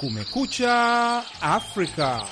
Kumekucha Afrika.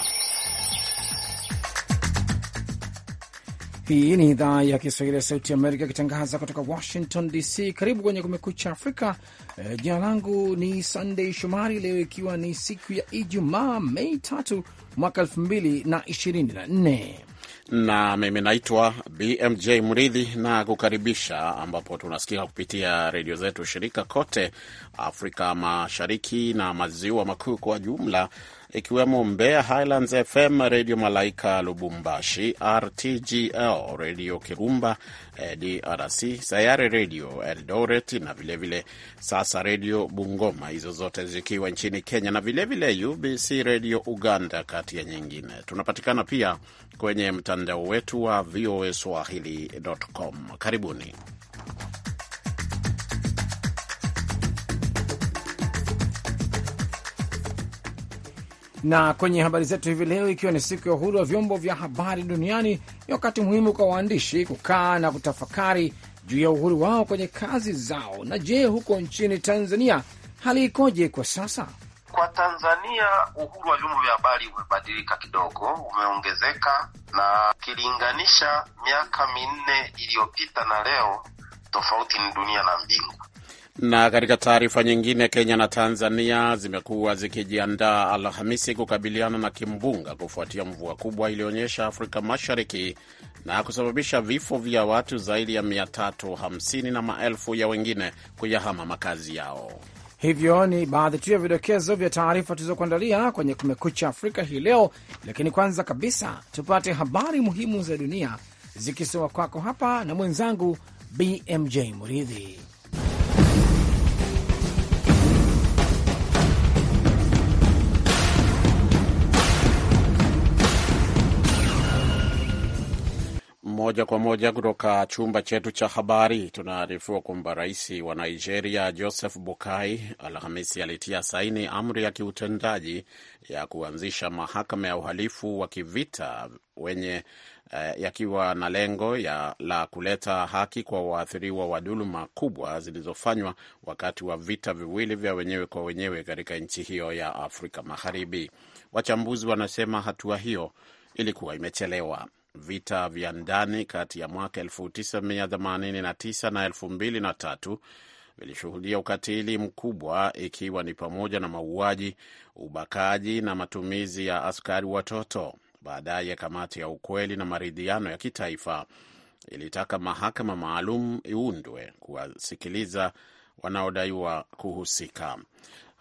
Hii ni idhaa ya Kiswahili ya Sauti ya Amerika ikitangaza kutoka Washington DC. Karibu kwenye Kumekucha Afrika. E, jina langu ni sandey Shomari. Leo ikiwa ni siku ya Ijumaa, Mei tatu mwaka elfu mbili na ishirini na nne na mimi naitwa BMJ Mridhi na kukaribisha, ambapo tunasikika kupitia redio zetu shirika kote Afrika Mashariki na Maziwa Makuu kwa jumla ikiwemo Mbeya Highlands FM, Redio Malaika Lubumbashi, RTGL, Redio Kirumba eh, DRC, Sayare Redio Eldoret na vilevile vile Sasa Redio Bungoma, hizo zote zikiwa nchini Kenya, na vilevile vile UBC Redio Uganda, kati ya nyingine. Tunapatikana pia kwenye mtandao wetu wa VOA Swahili.com. Karibuni. Na kwenye habari zetu hivi leo, ikiwa ni siku ya uhuru wa vyombo vya habari duniani, ni wakati muhimu kwa waandishi kukaa na kutafakari juu ya uhuru wao kwenye kazi zao. Na je, huko nchini Tanzania hali ikoje kwa sasa? Kwa Tanzania uhuru wa vyombo vya habari umebadilika kidogo, umeongezeka, na ukilinganisha miaka minne iliyopita na leo, tofauti ni dunia na mbingu. Na katika taarifa nyingine, Kenya na Tanzania zimekuwa zikijiandaa Alhamisi kukabiliana na kimbunga kufuatia mvua kubwa iliyoonyesha Afrika Mashariki na kusababisha vifo vya watu zaidi ya 350 na maelfu ya wengine kuyahama makazi yao. Hivyo ni baadhi tu ya vidokezo vya taarifa tulizokuandalia kwenye Kumekucha Afrika hii leo, lakini kwanza kabisa tupate habari muhimu za dunia zikisoma kwako hapa na mwenzangu BMJ Muridhi. Moja kwa moja kutoka chumba chetu cha habari tunaarifua kwamba rais wa Nigeria Joseph bukai Alhamisi alitia saini amri ya kiutendaji ya kuanzisha mahakama ya uhalifu wa kivita wenye eh, yakiwa na lengo ya, la kuleta haki kwa waathiriwa wa dhuluma kubwa zilizofanywa wakati wa vita viwili vya wenyewe kwa wenyewe katika nchi hiyo ya Afrika Magharibi. Wachambuzi wanasema hatua hiyo ilikuwa imechelewa. Vita vya ndani kati ya mwaka 1989 na 2003 vilishuhudia ukatili mkubwa, ikiwa ni pamoja na mauaji, ubakaji na matumizi ya askari watoto. Baadaye kamati ya ukweli na maridhiano ya kitaifa ilitaka mahakama maalum iundwe kuwasikiliza wanaodaiwa kuhusika.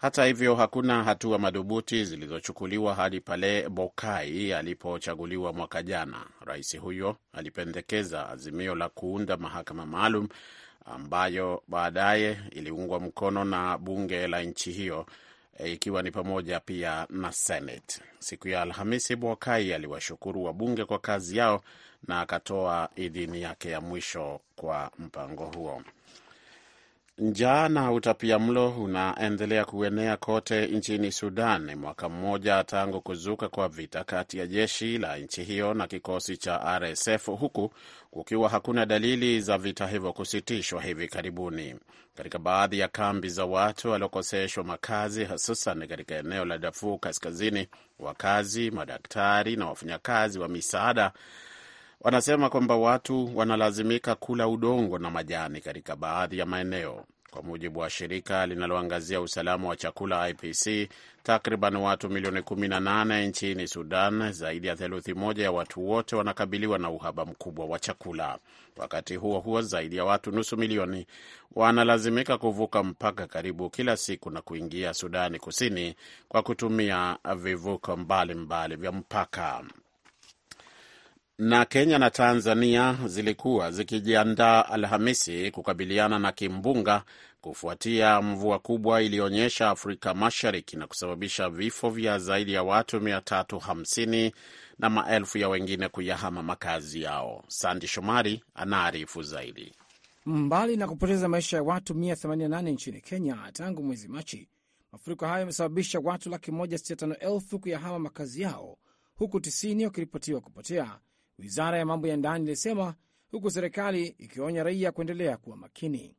Hata hivyo hakuna hatua madhubuti zilizochukuliwa hadi pale Bokai alipochaguliwa mwaka jana. Rais huyo alipendekeza azimio la kuunda mahakama maalum ambayo baadaye iliungwa mkono na bunge la nchi hiyo eh, ikiwa ni pamoja pia na Senate. Siku ya Alhamisi, Bwakai aliwashukuru wabunge kwa kazi yao na akatoa idhini yake ya mwisho kwa mpango huo. Njaa na utapia mlo unaendelea kuenea kote nchini Sudan, mwaka mmoja tangu kuzuka kwa vita kati ya jeshi la nchi hiyo na kikosi cha RSF, huku kukiwa hakuna dalili za vita hivyo kusitishwa hivi karibuni. Katika baadhi ya kambi za watu waliokoseshwa makazi, hususan katika eneo la Darfur Kaskazini, wakazi, madaktari na wafanyakazi wa misaada Wanasema kwamba watu wanalazimika kula udongo na majani katika baadhi ya maeneo. Kwa mujibu wa shirika linaloangazia usalama wa chakula IPC, takriban watu milioni 18 nchini Sudan, zaidi ya theluthi moja ya watu wote wanakabiliwa na uhaba mkubwa wa chakula. Wakati huo huo, zaidi ya watu nusu milioni wanalazimika kuvuka mpaka karibu kila siku na kuingia Sudani Kusini kwa kutumia vivuko mbalimbali vya mpaka na Kenya na Tanzania zilikuwa zikijiandaa Alhamisi kukabiliana na kimbunga kufuatia mvua kubwa iliyoonyesha Afrika Mashariki na kusababisha vifo vya zaidi ya watu 350 na maelfu ya wengine kuyahama makazi yao. Sandi Shomari anaarifu zaidi. Mbali na kupoteza maisha ya watu 188 nchini Kenya tangu mwezi Machi, mafuriko hayo yamesababisha watu laki moja kuyahama makazi yao huku 90 wakiripotiwa kupotea wizara ya mambo ya ndani ilisema, huku serikali ikionya raia kuendelea kuwa makini.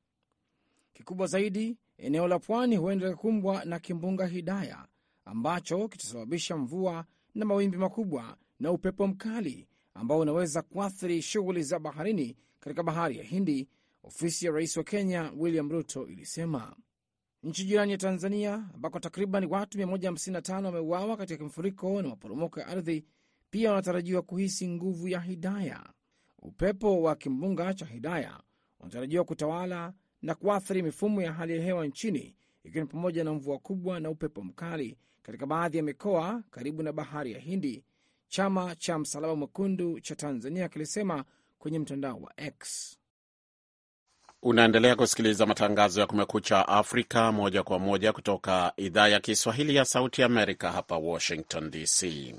Kikubwa zaidi, eneo la pwani huenda likakumbwa na kimbunga Hidaya ambacho kitasababisha mvua na mawimbi makubwa na upepo mkali ambao unaweza kuathiri shughuli za baharini katika bahari ya Hindi. Ofisi ya rais wa Kenya William Ruto ilisema nchi jirani ya Tanzania ambako takriban watu 155 wameuawa katika mfuriko na maporomoko ya ardhi pia wanatarajiwa kuhisi nguvu ya Hidaya. Upepo wa kimbunga cha Hidaya unatarajiwa kutawala na kuathiri mifumo ya hali ya hewa nchini, ikiwa ni pamoja na mvua kubwa na upepo mkali katika baadhi ya mikoa karibu na bahari ya Hindi. Chama cha Msalaba Mwekundu cha Tanzania kilisema kwenye mtandao wa X. Unaendelea kusikiliza matangazo ya Kumekucha Afrika moja kwa moja kutoka idhaa ya Kiswahili ya Sauti Amerika hapa Washington DC.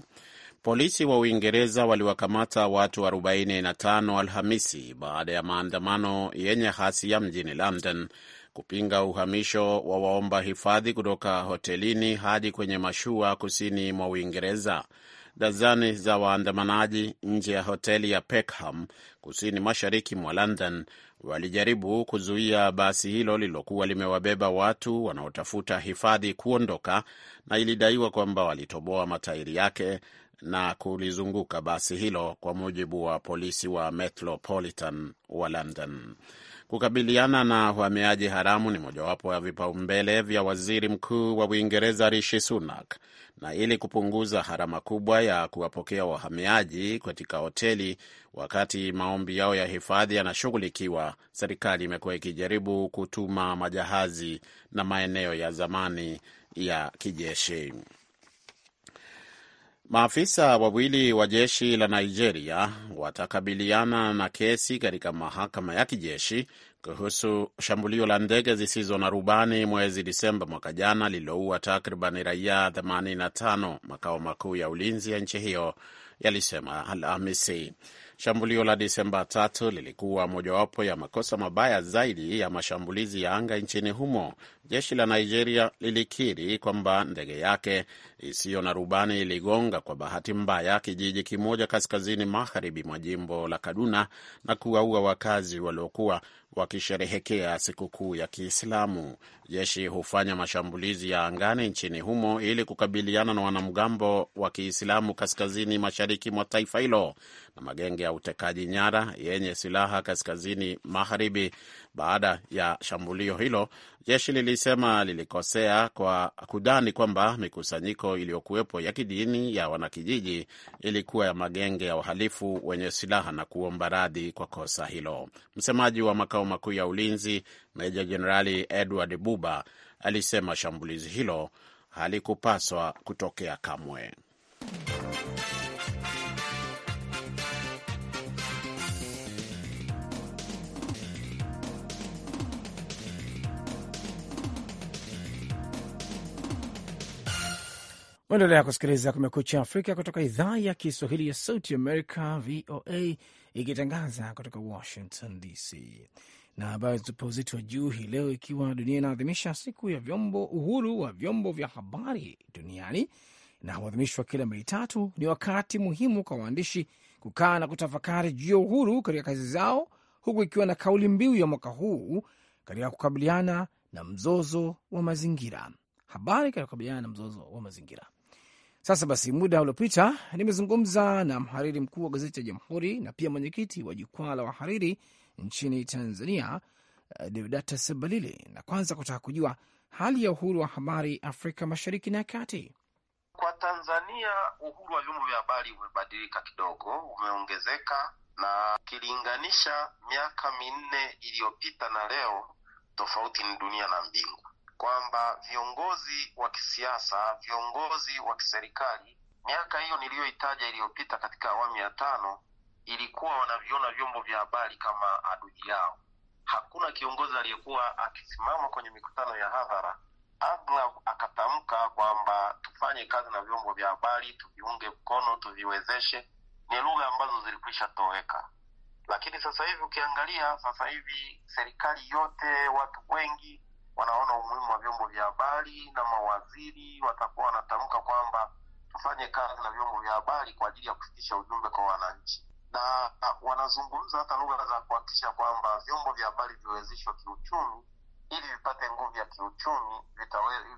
Polisi wa Uingereza waliwakamata watu 45 Alhamisi baada ya maandamano yenye hasia mjini London kupinga uhamisho wa waomba hifadhi kutoka hotelini hadi kwenye mashua kusini mwa Uingereza. Dazani za waandamanaji nje ya hoteli ya Peckham kusini mashariki mwa London walijaribu kuzuia basi hilo lililokuwa limewabeba watu wanaotafuta hifadhi kuondoka, na ilidaiwa kwamba walitoboa matairi yake na kulizunguka basi hilo, kwa mujibu wa polisi wa Metropolitan wa London. Kukabiliana na uhamiaji haramu ni mojawapo ya vipaumbele vya waziri mkuu wa Uingereza Rishi Sunak, na ili kupunguza harama kubwa ya kuwapokea wahamiaji katika hoteli wakati maombi yao ya hifadhi yanashughulikiwa, serikali imekuwa ikijaribu kutuma majahazi na maeneo ya zamani ya kijeshi. Maafisa wawili wa jeshi la Nigeria watakabiliana na kesi katika mahakama ya kijeshi kuhusu shambulio la ndege zisizo na rubani mwezi Disemba mwaka jana lililoua takriban raia 85. Makao makuu ya ulinzi ya nchi hiyo yalisema Alhamisi. Shambulio la Disemba tatu lilikuwa mojawapo ya makosa mabaya zaidi ya mashambulizi ya anga nchini humo jeshi la Nigeria lilikiri kwamba ndege yake isiyo na rubani iligonga kwa bahati mbaya kijiji kimoja kaskazini magharibi mwa jimbo la Kaduna na kuwaua wakazi waliokuwa wakisherehekea sikukuu ya Kiislamu. Jeshi hufanya mashambulizi ya angani nchini humo ili kukabiliana na wanamgambo wa Kiislamu kaskazini mashariki mwa taifa hilo na magenge ya utekaji nyara yenye silaha kaskazini magharibi. Baada ya shambulio hilo, jeshi lili lilisema lilikosea kwa kudani kwamba mikusanyiko iliyokuwepo ya kidini ya wanakijiji ilikuwa ya magenge ya uhalifu wenye silaha na kuomba radhi kwa kosa hilo. Msemaji wa makao makuu ya ulinzi Meja Jenerali Edward Buba alisema shambulizi hilo halikupaswa kutokea kamwe. Mwendelea kusikiliza Kumekucha Afrika kutoka idhaa ya Kiswahili ya Sauti Amerika, VOA, ikitangaza kutoka Washington DC. Na habari zitupa uzito wa juu hii leo, ikiwa dunia inaadhimisha siku ya vyombo uhuru wa vyombo vya habari duniani na huadhimishwa kila Mei tatu, ni wakati muhimu kwa waandishi kukaa na kutafakari juu ya uhuru katika kazi zao, huku ikiwa na kauli mbiu ya mwaka huu katika kukabiliana na mzozo wa mazingira. Habari katika kukabiliana na mzozo wa mazingira sasa basi, muda uliopita nimezungumza na mhariri mkuu wa gazeti ya Jamhuri na pia mwenyekiti wa jukwaa la wahariri nchini Tanzania, eh, Deodata na kwanza kutaka kujua hali ya uhuru wa habari Afrika Mashariki na Kati. Kwa Tanzania, uhuru wa vyombo vya habari umebadilika kidogo, umeongezeka na ukilinganisha miaka minne iliyopita na leo, tofauti ni dunia na mbingu kwamba viongozi wa kisiasa, viongozi wa kiserikali, miaka hiyo niliyoitaja iliyopita katika awamu ya tano, ilikuwa wanaviona vyombo vya habari kama adui yao. Hakuna kiongozi aliyekuwa akisimama kwenye mikutano ya hadhara aghalabu akatamka kwamba tufanye kazi na vyombo vya habari, tuviunge mkono, tuviwezeshe. Ni lugha ambazo zilikwisha toweka, lakini sasa hivi ukiangalia, sasa hivi serikali yote, watu wengi wanaona umuhimu wa vyombo vya habari na mawaziri watakuwa wanatamka kwamba tufanye kazi na vyombo vya habari kwa ajili ya kufikisha ujumbe kwa wananchi, na ah, wanazungumza hata lugha za kuhakikisha kwamba vyombo vya habari viwezeshwa kiuchumi ili vipate nguvu ya kiuchumi,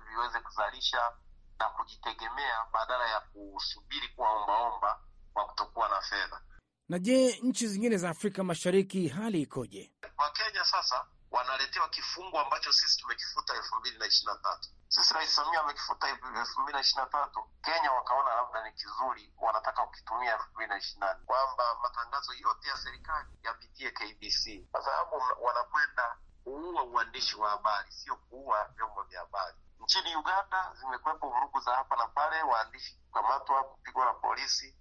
viweze kuzalisha na kujitegemea badala ya kusubiri kuwa kwa wa kutokuwa na fedha. Na je, nchi zingine za Afrika Mashariki hali ikoje? Kwa Kenya sasa wanaletewa kifungu ambacho sisi tumekifuta elfu mbili na ishirini na tatu. Sisi Rais Samia amekifuta elfu mbili na ishirini na tatu. Kenya wakaona labda ni kizuri, wanataka kukitumia elfu mbili na ishirini nane kwamba matangazo yote ya serikali yapitie KBC kwa sababu wanakwenda kuua uandishi wa habari, sio kuua vyombo vya habari. Nchini Uganda zimekuwepo vurugu za hapa na pale, waandishi kukamatwa, kupigwa na polisi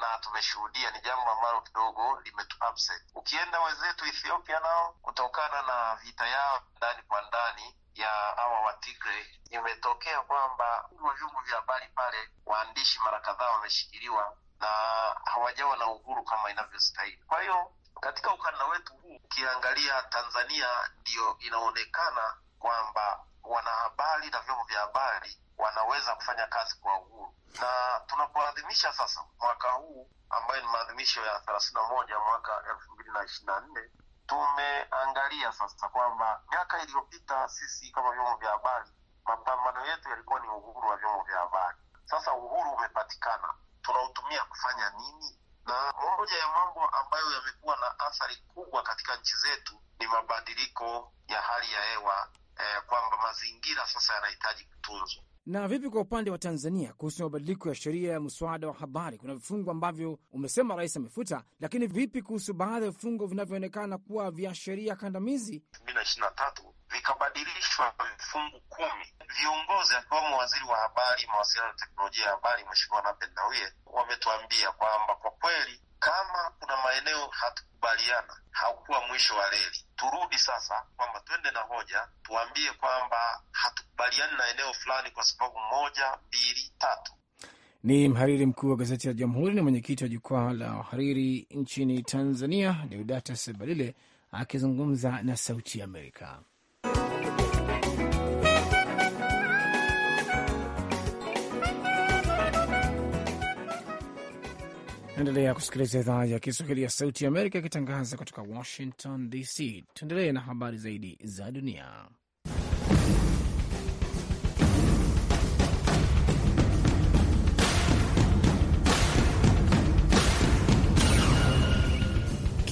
na tumeshuhudia ni jambo ambalo kidogo limetu upset. Ukienda wenzetu Ethiopia nao, kutokana na vita yao ndani kwa ndani ya hawa Watigre, imetokea kwamba hivyo vyombo vya habari pale, waandishi mara kadhaa wameshikiliwa na hawajawa na uhuru kama inavyostahili. Kwa hiyo katika ukanda wetu huu ukiangalia, Tanzania ndiyo inaonekana kwamba wanahabari na vyombo vya habari wanaweza kufanya kazi kwa uhuru, na tunapoadhimisha sasa mwaka huu ambayo ni maadhimisho ya thelathini na moja mwaka elfu mbili na ishirini na nne tumeangalia sasa kwamba miaka iliyopita sisi kama vyombo vya habari mapambano yetu yalikuwa ni uhuru wa vyombo vya habari. Sasa uhuru umepatikana, tunautumia kufanya nini? Na moja ya mambo ambayo yamekuwa na athari kubwa katika nchi zetu ni mabadiliko ya hali ya hewa eh, kwamba mazingira sasa yanahitaji kutunzwa. Na vipi kwa upande wa Tanzania kuhusu mabadiliko ya sheria ya mswada wa habari? Kuna vifungu ambavyo umesema rais amefuta, lakini vipi kuhusu baadhi ya vifungu vinavyoonekana kuwa vya sheria kandamizi elfu mbili na ishirini na tatu vikabadilishwa vifungu kumi. Viongozi akiwemo waziri wa habari, mawasiliano na teknolojia ya habari, Mheshimiwa Nape Nnauye wametuambia kwamba kwa kweli kama kuna maeneo hatukubaliana, haukuwa mwisho wa reli. Turudi sasa kwamba twende na hoja, tuambie kwamba hatukubaliani na eneo fulani kwa sababu moja, mbili, tatu. Ni mhariri mkuu wa gazeti la Jamhuri na mwenyekiti wa jukwaa la wahariri nchini Tanzania, Deodata Sebalile akizungumza na Sauti ya Amerika. Endelea kusikiliza idhaa ya Kiswahili ya Sauti ya Amerika ikitangaza kutoka Washington DC. Tuendelee na habari zaidi za dunia.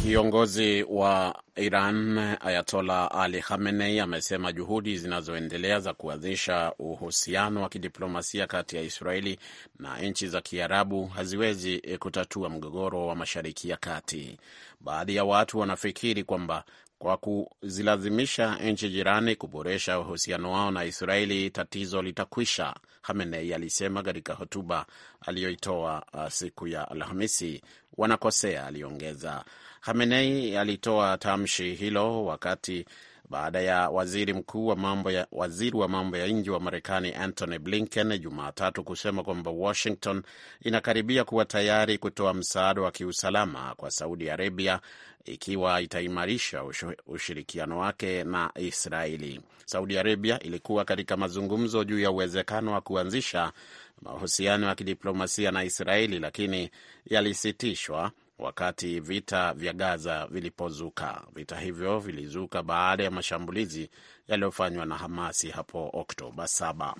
Kiongozi wa Iran Ayatola Ali Khamenei amesema juhudi zinazoendelea za kuanzisha uhusiano wa kidiplomasia kati ya Israeli na nchi za Kiarabu haziwezi kutatua mgogoro wa Mashariki ya Kati. Baadhi ya watu wanafikiri kwamba kwa kuzilazimisha nchi jirani kuboresha uhusiano wao na Israeli, tatizo litakwisha, hamenei alisema katika hotuba aliyoitoa uh, siku ya Alhamisi. Wanakosea, aliongeza. hamenei alitoa tamshi hilo wakati baada ya waziri mkuu wa mambo ya, waziri wa mambo ya nje wa Marekani Antony Blinken Jumatatu kusema kwamba Washington inakaribia kuwa tayari kutoa msaada wa kiusalama kwa Saudi Arabia ikiwa itaimarisha ushirikiano wake na Israeli. Saudi Arabia ilikuwa katika mazungumzo juu ya uwezekano wa kuanzisha mahusiano ya kidiplomasia na Israeli, lakini yalisitishwa wakati vita vya Gaza vilipozuka. Vita hivyo vilizuka baada ya mashambulizi yaliyofanywa na Hamasi hapo Oktoba 7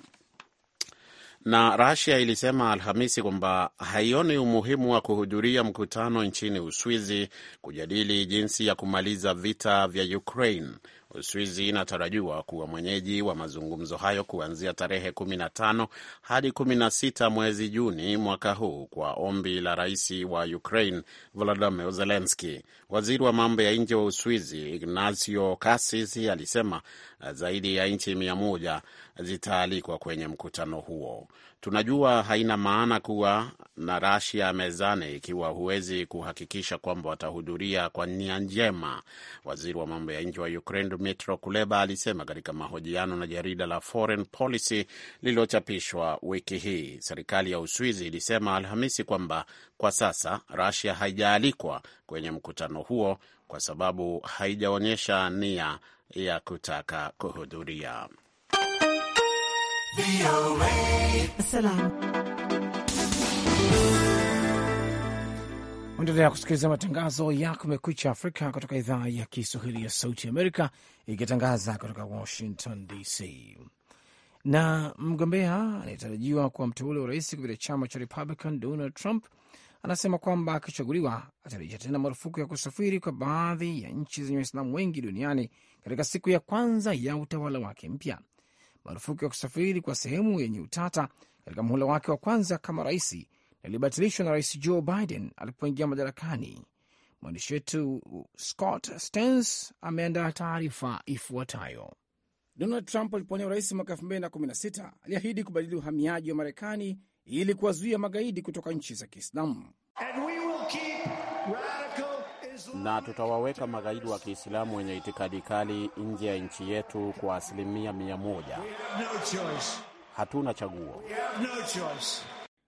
na Rasia ilisema Alhamisi kwamba haioni umuhimu wa kuhudhuria mkutano nchini Uswizi kujadili jinsi ya kumaliza vita vya Ukraine Uswizi inatarajiwa kuwa mwenyeji wa mazungumzo hayo kuanzia tarehe 15 hadi 16 mwezi Juni mwaka huu kwa ombi la rais wa Ukraine Volodymyr Zelensky. Waziri wa mambo ya nje wa Uswizi Ignacio Cassis alisema zaidi ya nchi mia moja zitaalikwa kwenye mkutano huo. Tunajua haina maana kuwa na Rasia mezani ikiwa huwezi kuhakikisha kwamba watahudhuria kwa nia njema, waziri wa mambo ya nje wa Ukraine Dmytro Kuleba alisema katika mahojiano na jarida la Foreign Policy lililochapishwa wiki hii. Serikali ya Uswizi ilisema Alhamisi kwamba kwa sasa Rasia haijaalikwa kwenye mkutano huo kwa sababu haijaonyesha nia ya kutaka kuhudhuria. Endelea kusikiliza matangazo ya Kumekucha Afrika kutoka idhaa ya Kiswahili ya Sauti Amerika ikitangaza kutoka Washington DC. Na mgombea anayetarajiwa kuwa mteule wa rais kupitia chama cha Republican, Donald Trump anasema kwamba akichaguliwa atarejea tena marufuku ya kusafiri kwa baadhi ya nchi zenye Waislamu wengi duniani katika siku ya kwanza ya utawala wake mpya marufuku ya kusafiri kwa sehemu yenye utata katika muhula wake wa kwanza kama rais na ilibatilishwa na rais Joe Biden alipoingia madarakani. Mwandishi wetu Scott Stens ameandaa taarifa ifuatayo. Donald Trump alipowania urais mwaka 2016 aliahidi kubadili uhamiaji wa Marekani ili kuwazuia magaidi kutoka nchi za Kiislamu na tutawaweka magaidi wa Kiislamu wenye itikadi kali nje ya nchi yetu kwa asilimia mia moja. Hatuna chaguo.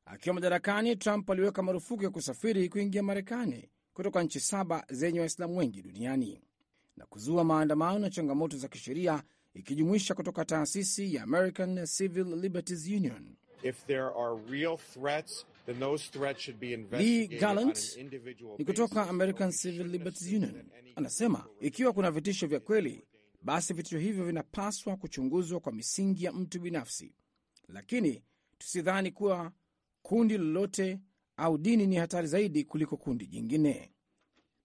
Akiwa madarakani, Trump aliweka marufuku ya kusafiri kuingia Marekani kutoka nchi saba zenye Waislamu wengi duniani na kuzua maandamano na changamoto za kisheria ikijumuisha kutoka taasisi ya American Civil Liberties Union. If there are real threats Lee Gallant ni kutoka American Civil Liberties Union anasema ikiwa kuna vitisho vya kweli, basi vitisho hivyo vinapaswa kuchunguzwa kwa misingi ya mtu binafsi, lakini tusidhani kuwa kundi lolote au dini ni hatari zaidi kuliko kundi jingine.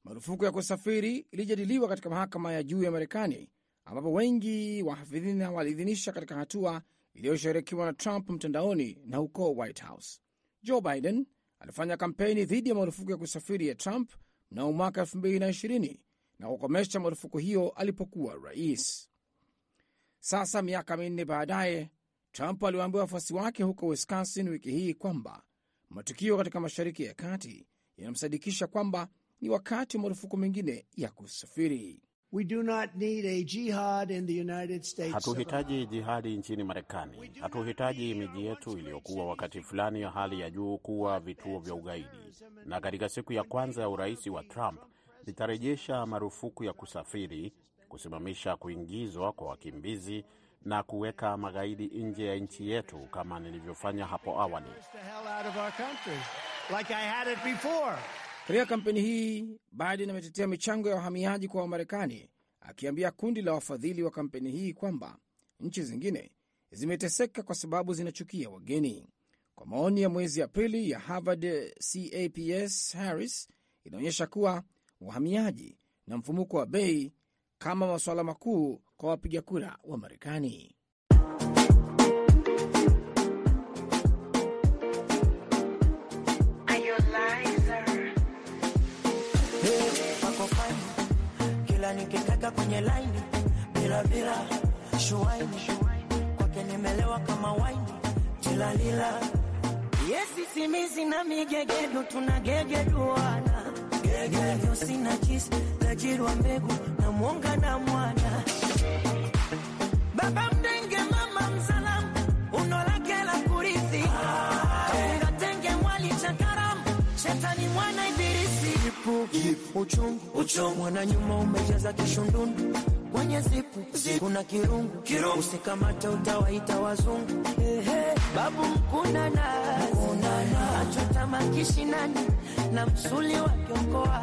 Marufuku ya kusafiri ilijadiliwa katika mahakama ya juu ya Marekani, ambapo wengi wa hafidhina waliidhinisha katika hatua iliyosherekiwa na Trump mtandaoni na huko White House. Joe Biden alifanya kampeni dhidi ya marufuku ya kusafiri ya Trump mnamo mwaka 2020 na kukomesha marufuku hiyo alipokuwa rais. Sasa miaka minne baadaye, Trump aliwaambia wafuasi wake huko Wisconsin wiki hii kwamba matukio katika Mashariki ya Kati yanamsadikisha kwamba ni wakati wa marufuku mengine ya kusafiri. Hatuhitaji jihadi nchini Marekani. Hatuhitaji miji yetu iliyokuwa wakati fulani ya hali ya juu kuwa vituo vya ugaidi. Na katika siku ya kwanza ya urais wa Trump litarejesha marufuku ya kusafiri, kusimamisha kuingizwa kwa wakimbizi na kuweka magaidi nje ya nchi yetu kama nilivyofanya hapo awali. Katika kampeni hii, Biden ametetea michango ya wahamiaji kwa Wamarekani, akiambia kundi la wafadhili wa kampeni hii kwamba nchi zingine zimeteseka kwa sababu zinachukia wageni. Kwa maoni ya mwezi Aprili ya Harvard CAPS Harris inaonyesha kuwa uhamiaji na mfumuko wa bei kama masuala makuu kwa wapiga kura wa Marekani. Niweke kaka kwenye laini bila bila shuwaini kwake nimelewa kama waini tilalila yesi simizi na migegedu tunagegeduana gegedu sina jisi tajiri wa mbegu na mwonga na mwana uchungu, uchungu. Mwana nyuma umejaza kishundundu kwenye zipu, zipu. Kuna kirungu, kirungu. Usikamata utawaita wazungu eh, hey. Babu mkunana na achotama kishinani na msuli wa kiongoa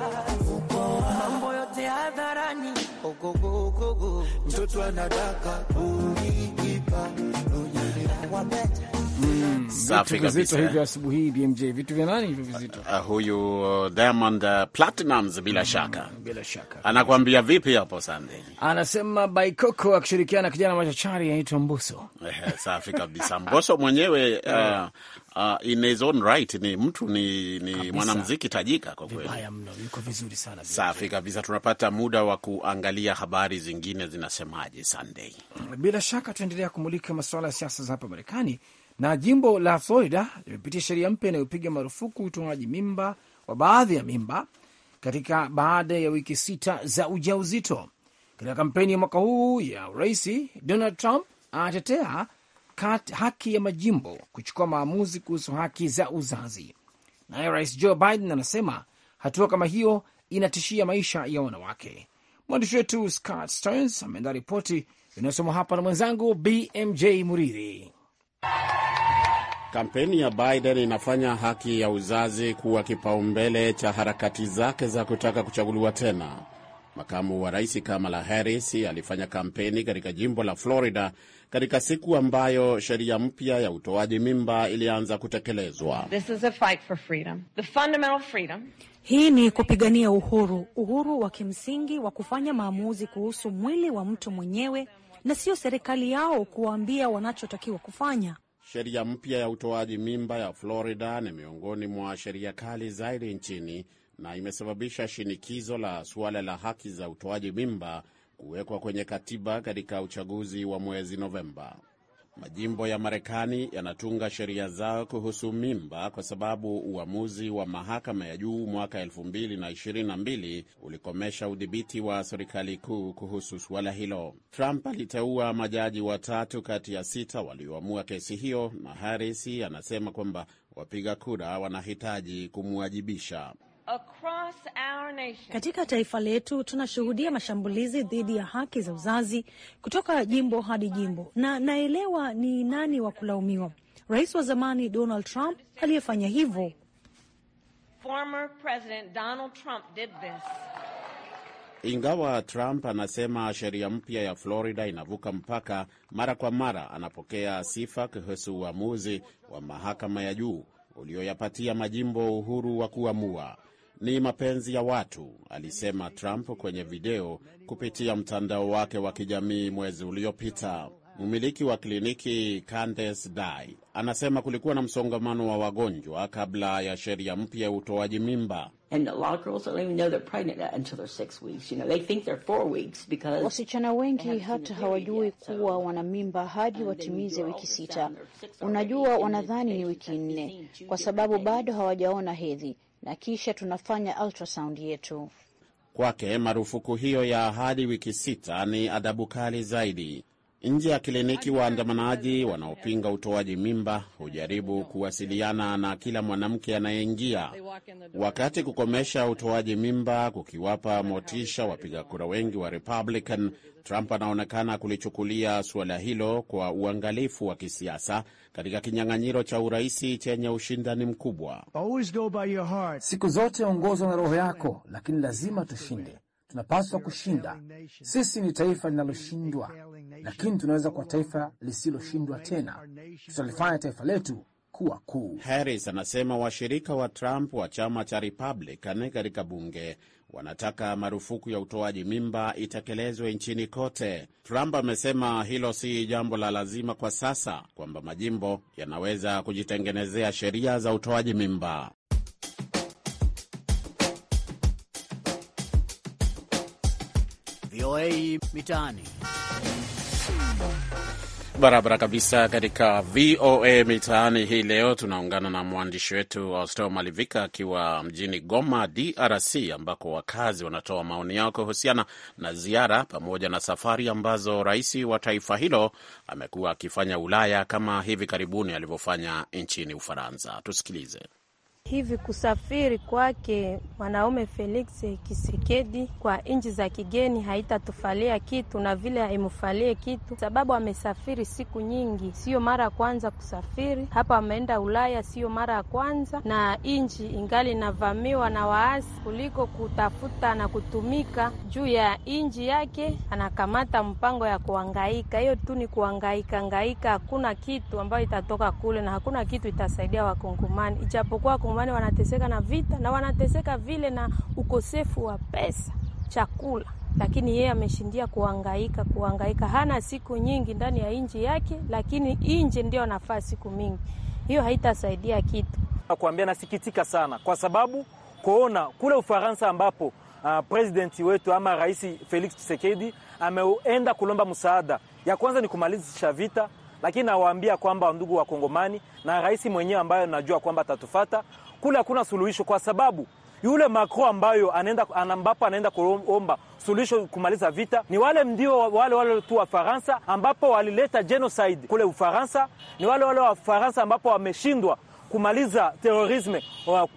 mambo yote hadharani ogogogogo mtoto anadaka uliipa unyani wabeta mm, safi hivyo asubuhi hii BMJ, vitu vya nani hivyo vizito? Ah, uh, huyu Diamond uh, bila mm, shaka bila shaka anakuambia vipi hapo Sunday, anasema Baikoko akishirikiana kijana machachari anaitwa Mboso. Eh, safi kabisa Mboso mwenyewe uh, Uh, in his own right ni mtu ni, ni mwanamuziki tajika kwa kweli. Vibaya mno, yuko vizuri sana. Safi kabisa, tunapata muda wa kuangalia habari zingine zinasemaje Sunday. Bila shaka tuendelea kumulika masuala ya siasa za hapa Marekani na jimbo la Florida limepitia sheria mpya inayopiga marufuku utoaji mimba wa baadhi ya mimba katika baada ya wiki sita za ujauzito. Katika kampeni ya mwaka huu ya urais Donald Trump anatetea haki ya majimbo kuchukua maamuzi kuhusu haki za uzazi. Naye rais Joe Biden anasema hatua kama hiyo inatishia maisha ya wanawake. Mwandishi wetu Scott Stearns ameandaa ripoti inayosoma hapa na mwenzangu BMJ Muriri. Kampeni ya Biden inafanya haki ya uzazi kuwa kipaumbele cha harakati zake za kutaka kuchaguliwa tena. Makamu wa rais Kamala Harris alifanya kampeni katika jimbo la Florida katika siku ambayo sheria mpya ya utoaji mimba ilianza kutekelezwa. This is a fight for freedom. The fundamental freedom. Hii ni kupigania uhuru, uhuru wa kimsingi wa kufanya maamuzi kuhusu mwili wa mtu mwenyewe na sio serikali yao kuwaambia wanachotakiwa kufanya. Sheria mpya ya utoaji mimba ya Florida ni miongoni mwa sheria kali zaidi nchini na imesababisha shinikizo la suala la haki za utoaji mimba kuwekwa kwenye katiba katika uchaguzi wa mwezi Novemba. Majimbo ya Marekani yanatunga sheria zao kuhusu mimba kwa sababu uamuzi wa mahakama ya juu mwaka 2022 ulikomesha udhibiti wa serikali kuu kuhusu suala hilo. Trump aliteua majaji watatu kati ya sita walioamua kesi hiyo, na Harris anasema kwamba wapiga kura wanahitaji kumwajibisha. Katika taifa letu tunashuhudia mashambulizi dhidi ya haki za uzazi kutoka jimbo hadi jimbo, na naelewa ni nani wa kulaumiwa, rais wa zamani Donald Trump aliyefanya hivyo. Ingawa Trump anasema sheria mpya ya Florida inavuka mpaka, mara kwa mara anapokea sifa kuhusu uamuzi wa mahakama ya juu ulioyapatia majimbo uhuru wa kuamua ni mapenzi ya watu, alisema Trump kwenye video kupitia mtandao wake wa kijamii mwezi uliopita. Mmiliki wa kliniki Candace Dai anasema kulikuwa na msongamano wa wagonjwa kabla ya sheria mpya ya utoaji mimba. Wasichana wengi hata hawajui kuwa wana mimba hadi watimize wiki sita. Unajua, wanadhani ni wiki nne kwa sababu bado hawajaona hedhi na kisha tunafanya ultrasound yetu. Kwake marufuku hiyo ya hadi wiki sita ni adhabu kali zaidi. Nje ya kliniki, waandamanaji wanaopinga utoaji mimba hujaribu kuwasiliana na kila mwanamke anayeingia, wakati kukomesha utoaji mimba kukiwapa motisha wapiga kura wengi wa Republican. Trump anaonekana kulichukulia suala hilo kwa uangalifu wa kisiasa katika kinyang'anyiro cha uraisi chenye ushindani mkubwa. Siku zote ongozwa na roho yako, lakini lazima tushinde. Tunapaswa kushinda. Sisi ni taifa linaloshindwa lakini tunaweza kuwa taifa lisiloshindwa tena. Tutalifanya taifa letu kuwa kuu. Harris anasema washirika wa Trump wa chama cha Republican katika bunge wanataka marufuku ya utoaji mimba itekelezwe nchini kote. Trump amesema hilo si jambo la lazima kwa sasa, kwamba majimbo yanaweza kujitengenezea sheria za utoaji mimba. VOA Mitaani barabara kabisa. Katika VOA Mitaani hii leo tunaungana na mwandishi wetu Austel Malivika akiwa mjini Goma, DRC, ambako wakazi wanatoa maoni yao kuhusiana na ziara pamoja na safari ambazo rais wa taifa hilo amekuwa akifanya Ulaya, kama hivi karibuni alivyofanya nchini Ufaransa. Tusikilize hivi kusafiri kwake mwanaume Felix kisekedi kwa nchi za kigeni haitatufalia kitu na vile haimufalie kitu, sababu amesafiri siku nyingi, siyo mara ya kwanza kusafiri hapa. Ameenda Ulaya, siyo mara ya kwanza, na nchi ingali inavamiwa na waasi. Kuliko kutafuta na kutumika juu ya nchi yake, anakamata mpango ya kuangaika Hiyo tu ni kuangaika ngaika, hakuna kitu ambayo itatoka kule na hakuna kitu itasaidia Wakongomani, ijapokuwa wakongomani wanateseka na vita na wanateseka vile na ukosefu wa pesa, chakula, lakini yeye ameshindia kuangaika kuangaika hana siku nyingi ndani ya nchi yake, lakini nje ndio anafaa siku mingi. Hiyo haitasaidia kitu. Nakwambia, nasikitika sana kwa sababu kuona kule Ufaransa ambapo uh, presidenti wetu ama Rais Felix Tshisekedi ameenda kulomba msaada, ya kwanza ni kumalizisha vita lakini nawaambia kwamba ndugu wa Kongomani na rais mwenyewe ambayo najua kwamba atatufata kule, hakuna suluhisho kwa sababu yule Macron ambayo anaenda ambapo anaenda kuomba suluhisho kumaliza vita ni wale ndio wale wale tu wa Faransa ambapo walileta genocide kule Ufaransa, ni wale wale wa Faransa ambapo wameshindwa kumaliza terorisme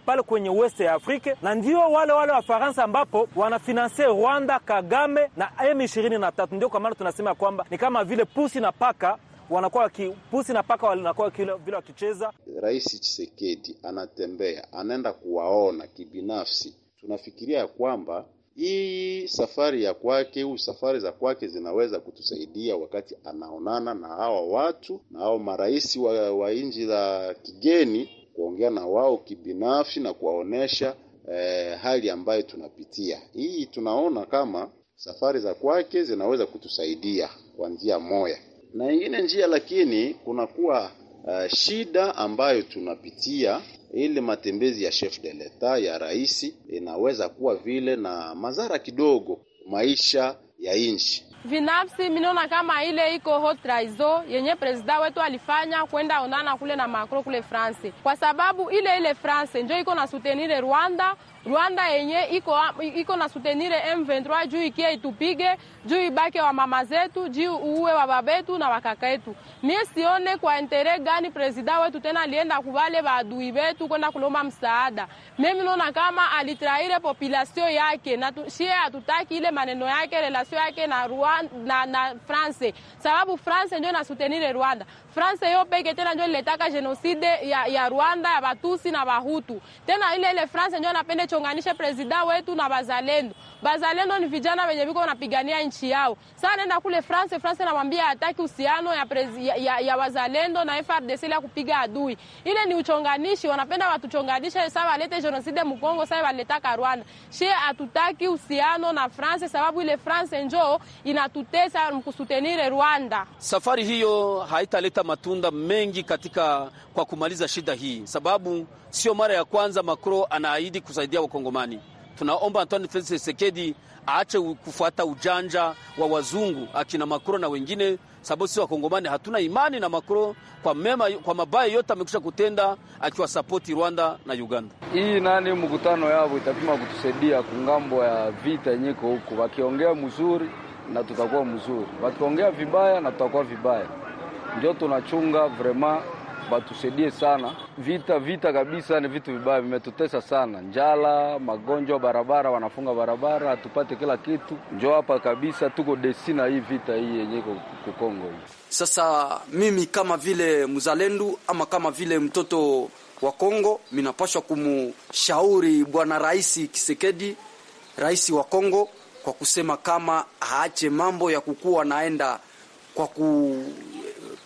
pale kwenye West ya Afrika, na ndio wale wale wa Faransa ambapo wanafinanse Rwanda, Kagame na M23. Ndio kwa maana tunasema kwamba ni kama vile pusi na paka wanakuwa wakipusi na paka wanakuwa vile wakicheza. Rais Chisekedi anatembea anaenda kuwaona kibinafsi, tunafikiria ya kwamba hii safari ya kwake huu safari za kwake zinaweza kutusaidia wakati anaonana na hawa watu na hao marais wa, wa nchi za kigeni, kuongea na wao kibinafsi na kuwaonesha eh, hali ambayo tunapitia. Hii tunaona kama safari za kwake zinaweza kutusaidia kwa njia moya na ingine njia, lakini kunakuwa uh, shida ambayo tunapitia ile matembezi ya chef de l'etat ya rais inaweza kuwa vile na madhara kidogo maisha ya nchi. Vinafsi minona kama ile iko hot raiso yenye presida wetu alifanya kwenda onana kule na Macron kule France, kwa sababu ile ile France njo iko na soutenir Rwanda Rwanda yenye iko, iko na sutenire M23 juu ikia itupige juu ibake wa mama zetu juu uwe wa babetu na wakaka yetu. Mie sione kwa entere gani presida wetu tena alienda kubale baadui betu kwenda kulomba msaada. Mimi naona kama alitraire populasio yake na shie hatutaki ile maneno yake relasio yake na, Rwanda, na, na France sababu France ndio na sutenire Rwanda France yo peke tena ndio ilitaka genocide ya, ya Rwanda ya Batusi na Bahutu. Tena ile ile France njo anapenda chonganisha president wetu na bazalendo. Bazalendo ni vijana wenye biko wanapigania nchi yao. Sasa nenda kule France, France anamwambia hataki uhusiano ya, ya, ya, ya wazalendo na FRDC la kupiga adui. Ile ni uchonganishi, wanapenda watu chonganisha sawa walete genocide Mkongo sawa waletaka Rwanda. Shie hatutaki uhusiano na France sababu ile France njo inatutesa mkusutenire Rwanda. Safari hiyo haitaleta matunda mengi katika kwa kumaliza shida hii, sababu sio mara ya kwanza Macron anaahidi kusaidia Wakongomani. Tunaomba Antoine Felix Tshisekedi aache kufuata ujanja wa wazungu akina Macron na wengine, sababu sisi Wakongomani hatuna imani na Macron kwa mema, kwa mabaya yote amekwisha kutenda akiwasapoti Rwanda na Uganda. Hii nani mkutano yao itapima kutusaidia kungambo ya vita yenyeko huko, wakiongea mzuri na tutakuwa mzuri, wakiongea vibaya na tutakuwa vibaya ndio tunachunga vraiment batusaidie sana. Vita vita kabisa, ni vitu vibaya, vimetutesa sana, njala, magonjwa, barabara, wanafunga barabara, hatupate kila kitu. Njo hapa kabisa tuko desina hii vita hii yenye kukongo hii. Sasa mimi kama vile mzalendu ama kama vile mtoto wa Kongo, minapashwa kumshauri bwana Rais Kisekedi, rais wa Kongo, kwa kusema kama aache mambo ya kukuwa naenda kwa ku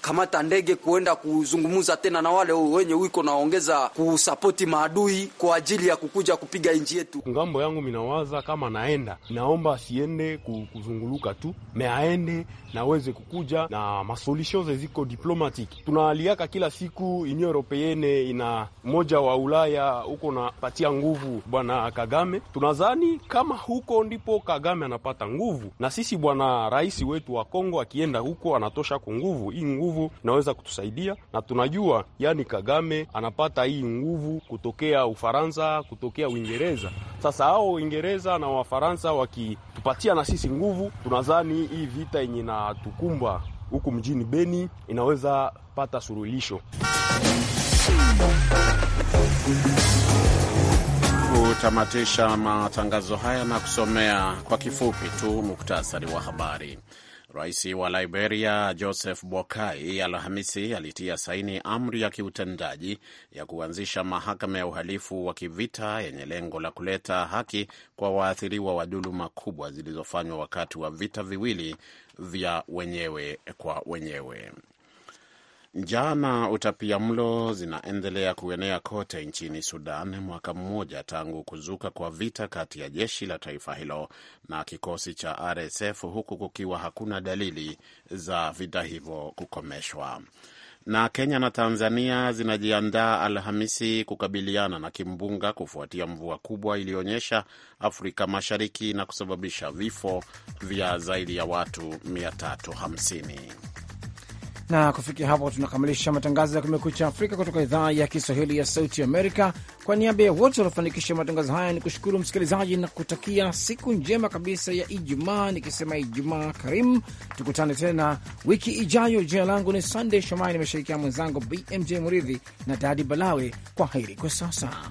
kamata ndege kuenda kuzungumza tena na wale wenye wiko naongeza kusapoti maadui kwa ajili ya kukuja kupiga inji yetu. Ngambo yangu minawaza kama naenda, naomba asiende kuzunguluka tu, me aende naweze kukuja na masolution ziko diplomatic. Tunaaliaka kila siku inyo Europeenne ina moja wa Ulaya huko napatia nguvu bwana Kagame. Tunazani kama huko ndipo Kagame anapata nguvu, na sisi bwana rais wetu wa Kongo akienda huko anatosha kwa nguvu hii nguvu nguvu inaweza kutusaidia, na tunajua yani Kagame anapata hii nguvu kutokea Ufaransa, kutokea Uingereza. Sasa hao Uingereza na Wafaransa wakitupatia na sisi nguvu, tunadhani hii vita yenye inatukumba huku mjini Beni inaweza pata suluhisho. Kutamatisha matangazo haya na kusomea kwa kifupi tu muktasari wa habari. Rais wa Liberia Joseph Boakai Alhamisi alitia saini amri ya kiutendaji ya kuanzisha mahakama ya uhalifu wa kivita yenye lengo la kuleta haki kwa waathiriwa wa dhuluma kubwa zilizofanywa wakati wa vita viwili vya wenyewe kwa wenyewe. Njaa na mlo zinaendelea kuenea kote nchini Sudan, mwaka mmoja tangu kuzuka kwa vita kati ya jeshi la taifa hilo na kikosi cha RSF, huku kukiwa hakuna dalili za vita hivyo kukomeshwa. Na Kenya na Tanzania zinajiandaa Alhamisi kukabiliana na kimbunga kufuatia mvua kubwa iliyoonyesha Afrika Mashariki na kusababisha vifo vya zaidi ya watu 350. Na kufikia hapo tunakamilisha matangazo ya Kumekucha Afrika kutoka idhaa ya Kiswahili ya Sauti Amerika. Kwa niaba ya wote waliofanikisha matangazo haya, ni kushukuru msikilizaji na kutakia siku njema kabisa ya Ijumaa, nikisema Ijumaa karimu. Tukutane tena wiki ijayo. Jina langu ni Sandey Shomai, nimeshirikiana mwenzangu BMJ Muridhi na Dadi Balawe. Kwa heri kwa sasa.